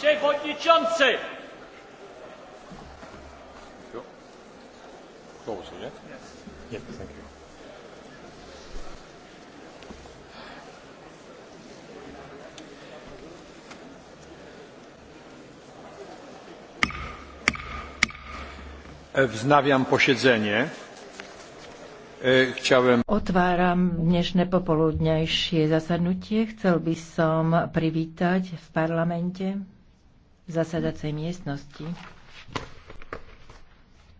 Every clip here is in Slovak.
przewodniczący! E, wznawiam posiedzenie. E, chciałem... Otváram dnešné popoludňajšie zasadnutie. Chcel by som privítať v parlamente zasadacej miestnosti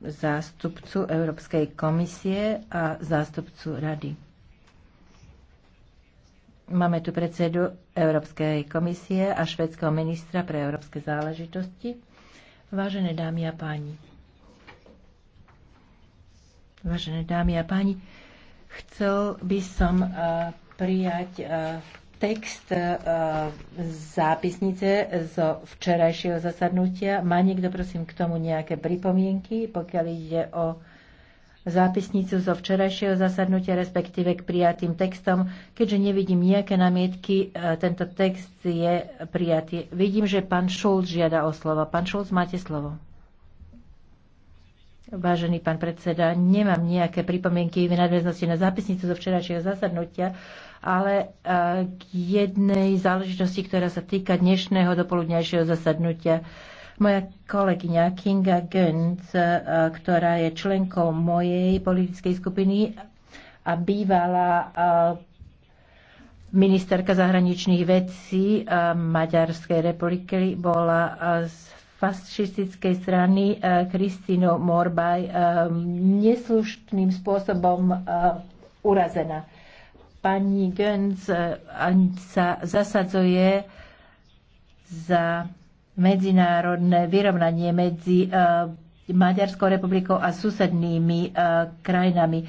zástupcu Európskej komisie a zástupcu Rady. Máme tu predsedu Európskej komisie a švedského ministra pre európske záležitosti. Vážené dámy a páni. Vážené dámy a páni, chcel by som eh, prijať eh, text e, zápisnice zo včerajšieho zasadnutia. Má niekto, prosím, k tomu nejaké pripomienky, pokiaľ ide o zápisnicu zo včerajšieho zasadnutia, respektíve k prijatým textom. Keďže nevidím nejaké namietky, e, tento text je prijatý. Vidím, že pán Šulc žiada o slovo. Pán Šulc, máte slovo. Vážený pán predseda, nemám nejaké pripomienky v nadväznosti na zápisnicu zo včerajšieho zasadnutia, ale e, k jednej záležitosti, ktorá sa týka dnešného dopoludnejšieho zasadnutia. Moja kolegyňa Kinga Gönc, e, ktorá je členkou mojej politickej skupiny a bývala e, ministerka zahraničných vecí Maďarskej republiky, bola fašistickej strany Kristino e, Morbaj e, neslušným spôsobom e, urazená. Pani Gönz sa zasadzuje za medzinárodné vyrovnanie medzi Maďarskou republikou a susednými krajinami.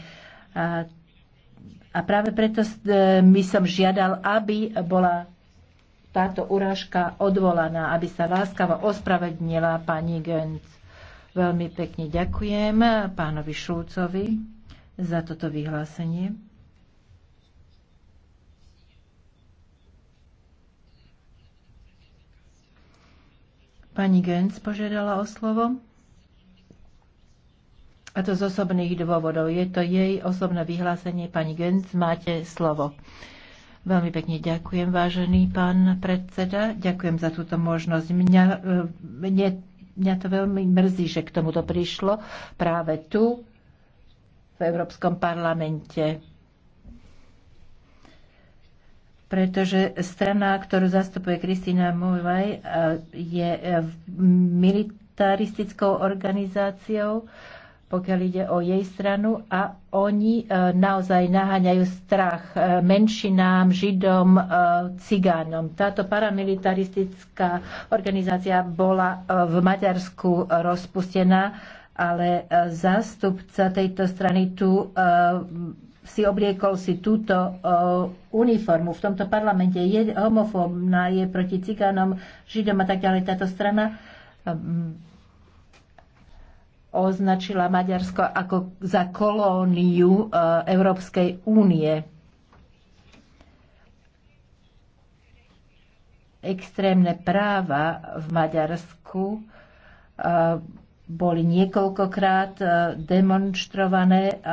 A práve preto by som žiadal, aby bola táto urážka odvolaná, aby sa láskavo ospravednila pani Gönc. Veľmi pekne ďakujem pánovi Šulcovi za toto vyhlásenie. Pani Gönc požiadala o slovo. A to z osobných dôvodov. Je to jej osobné vyhlásenie. Pani Gönc, máte slovo. Veľmi pekne ďakujem, vážený pán predseda. Ďakujem za túto možnosť. Mňa, e, mne, mňa to veľmi mrzí, že k tomuto prišlo práve tu, v Európskom parlamente. Pretože strana, ktorú zastupuje Kristina Mulvaj, e, je e, militaristickou organizáciou, pokiaľ ide o jej stranu a oni e, naozaj naháňajú strach e, menšinám, židom, e, cigánom. Táto paramilitaristická organizácia bola v Maďarsku rozpustená, ale zástupca tejto strany tu si obliekol si túto uniformu. V tomto parlamente je homofóbna, je proti cigánom, židom a tak ďalej. Táto strana označila Maďarsko ako za kolóniu e, Európskej únie. Extrémne práva v Maďarsku e, boli niekoľkokrát e, demonstrované.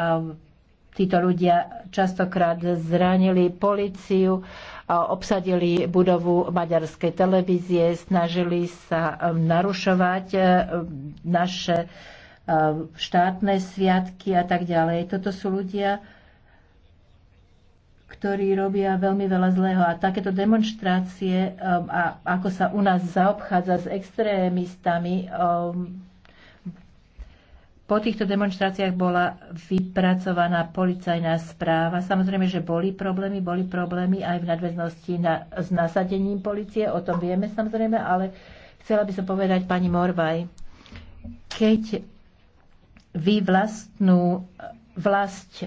Títo ľudia častokrát zranili policiu, obsadili budovu maďarskej televízie, snažili sa narušovať naše Um, štátne sviatky a tak ďalej. Toto sú ľudia, ktorí robia veľmi veľa zlého. A takéto demonstrácie, um, a ako sa u nás zaobchádza s extrémistami, um, po týchto demonstráciách bola vypracovaná policajná správa. Samozrejme, že boli problémy, boli problémy aj v nadväznosti na, s nasadením policie, o tom vieme samozrejme, ale chcela by som povedať pani Morvaj, keď vy vlastnú vlast e,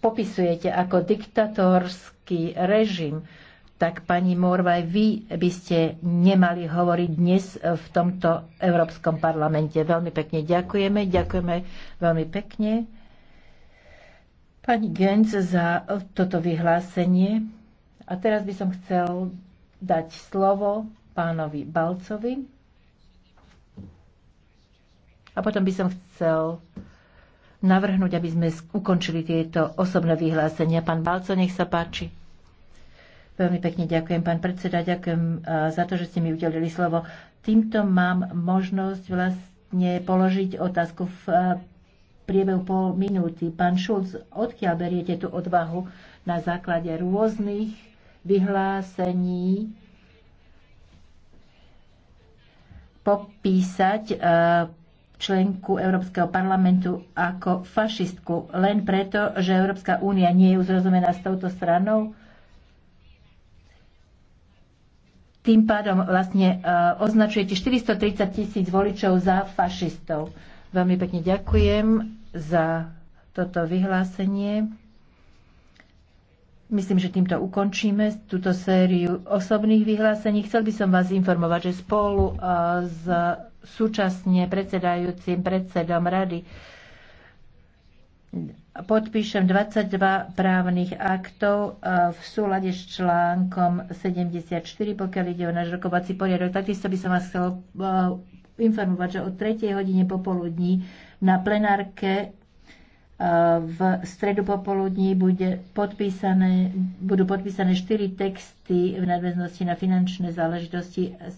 popisujete ako diktatorský režim, tak pani Morvaj, vy by ste nemali hovoriť dnes v tomto Európskom parlamente. Veľmi pekne ďakujeme, ďakujeme veľmi pekne. Pani Genc za toto vyhlásenie. A teraz by som chcel dať slovo pánovi Balcovi. A potom by som chcel navrhnúť, aby sme ukončili tieto osobné vyhlásenia. Pán Balco, nech sa páči. Veľmi pekne ďakujem, pán predseda, ďakujem eh, za to, že ste mi udelili slovo. Týmto mám možnosť vlastne položiť otázku v eh, priebehu pol minúty. Pán Šulc, odkiaľ beriete tú odvahu na základe rôznych vyhlásení popísať eh, členku Európskeho parlamentu ako fašistku len preto, že Európska únia nie je uzrozumená s touto stranou? Tým pádom vlastne e, označujete 430 tisíc voličov za fašistov. Veľmi pekne ďakujem za toto vyhlásenie. Myslím, že týmto ukončíme túto sériu osobných vyhlásení. Chcel by som vás informovať, že spolu e, s súčasne predsedajúcim predsedom rady. Podpíšem 22 právnych aktov v súlade s článkom 74, pokiaľ ide o náš rokovací poriadok. Takisto by som vás chcel e, informovať, že o 3. hodine popoludní na plenárke e, v stredu popoludní bude podpísané, budú podpísané štyri texty v nadväznosti na finančné záležitosti z